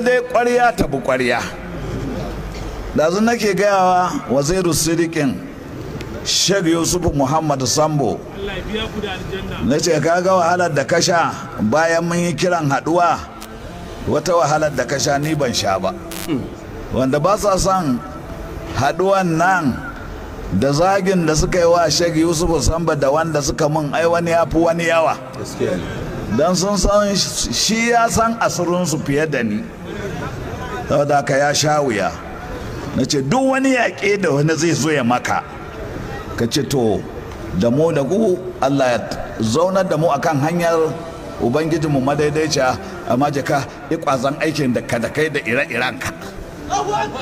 dai ƙwarya tabi kwarya ɗazu nake gayawa waziru sirikin shek yusuf muhammad sambo na ce kaga wahalar da kasha bayan mun yi kiran haduwa wata wahalar da kasha ni ban sha ba wanda ba sa son haduwan nan da zagin da suka yi wa shek yusuf sambo da wanda suka mun ai wani ya fi wani yawa don sun san shi ya san asirinsu fiye da ni saboda ka ya sha wuya na ce duk wani yaƙe da wani zai zo ya maka ka ce to da mu da ku allah ya zauna da mu akan hanyar ubangijinmu madaidaiciya amma jaka yi kwazon aikin da ka da kai da ire ka.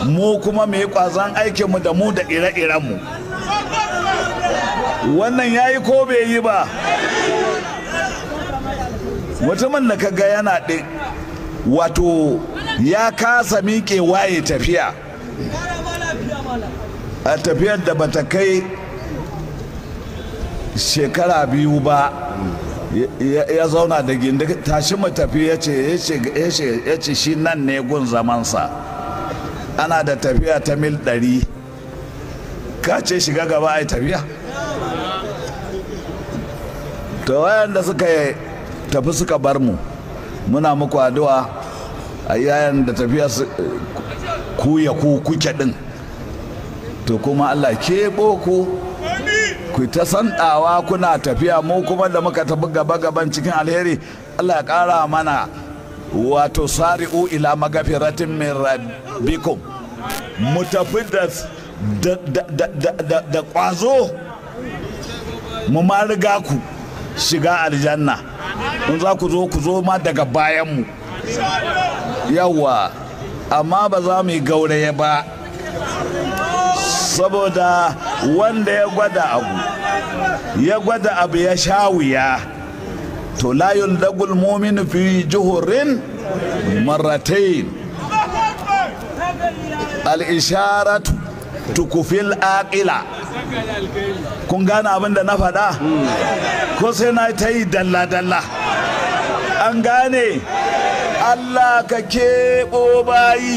mu kuma mai kwazon aikinmu da mu da ire-irenmu wannan ya yi ko bai yi ba mutumin da kaga yana ɗin wato ya kasa miƙe waye tafiya a tafiyar da bata kai shekara biyu ba ya zauna da gindi tashi mu tafi ya ce shi nan ne gun zamansa ana da tafiya ta mil ɗari ka ce shiga gaba a yi tafiya to wayanda suka yi tafi suka bar mu muna muku addu'a a yayin da tafiya ku ya ku kuke din to kuma Allah ke boku ku ta sandawa kuna tafiya mu kuma da muka tafi gaba gaban cikin alheri Allah ya kara mana wato sari'u ila magafiratin min rabbikum mu tafi da ƙwazo mu ma riga ku shiga aljanna in za ku zo ku zo ma daga bayanmu yawa amma ba za mu yi gauraye ba saboda wanda ya gwada abu ya gwada abu ya sha wuya to layun dagul momin fi juhurin marratain al-isharatu tukufil aqila kun gane abin da na faɗa ko sai na ta yi dalla-dalla an gane allah ka keɓo bayi